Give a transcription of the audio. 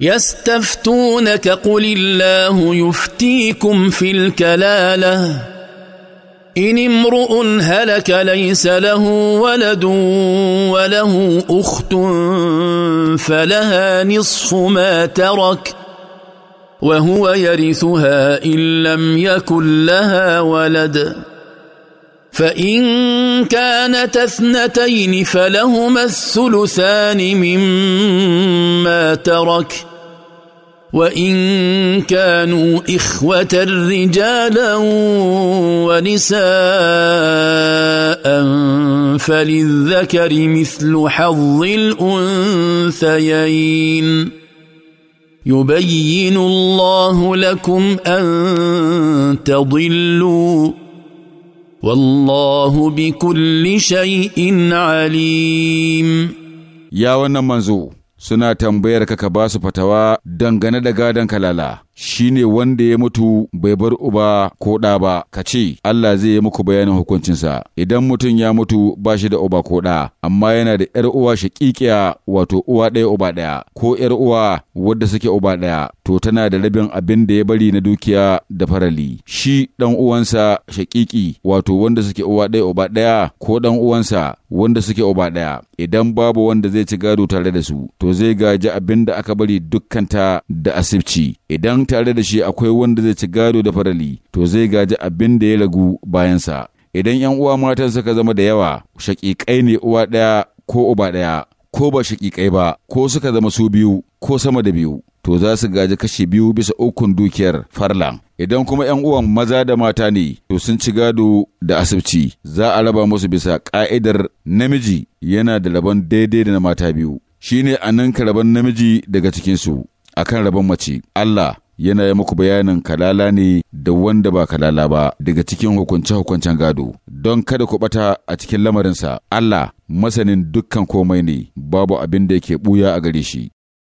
يستفتونك قل الله يفتيكم في الكلاله ان امرؤ هلك ليس له ولد وله اخت فلها نصف ما ترك وهو يرثها ان لم يكن لها ولد فان كانت اثنتين فلهما الثلثان مما ترك وان كانوا اخوه رجالا ونساء فللذكر مثل حظ الانثيين يبين الله لكم ان تضلوا والله بكل شيء عليم يا ونمزو suna tambayar ka ka ba su fatawa dangane da gadon kalala. shi ne wanda ya mutu bai bar uba ko ɗa ba, ka ce, Allah zai yi muku bayanin hukuncinsa, idan mutum ya mutu ba shi da uba ko ɗa, amma yana da ‘yar uwa shaƙiƙiya wato uwa ɗaya uba ɗaya, ko ‘yar uwa wadda suke uba ɗaya, to tana da rabin abin da ya bari na dukiya da farali. Shi ɗan uwansa shaƙiƙi wato wanda suke uwa ɗaya uba ɗaya ko ɗan uwansa wanda suke uba ɗaya, idan babu wanda zai ci gado tare da su, to zai gaji abin da aka bari dukkanta da asibci. Idan tare da shi akwai wanda zai ci gado da farali to zai gaji abin da ya ragu bayansa idan yan uwa matan suka zama da yawa shakikai ne uwa ɗaya ko uba ɗaya ko ba shakikai ba ko suka zama su biyu ko sama da biyu to za su gaji kashi biyu bisa ukun dukiyar farlan idan kuma yan uwan maza da mata ne to sun ci gado da asibci za a raba musu bisa ka'idar namiji yana da rabon daidai da na mata biyu shine a nan rabon namiji daga cikinsu akan rabon mace Allah yana yi muku bayanin kalala ne da wanda ba kalala ba daga cikin hukunce-hukuncen gado, don kada ku bata a cikin lamarinsa, Allah masanin dukkan komai ne, babu abin da yake buya a gare shi.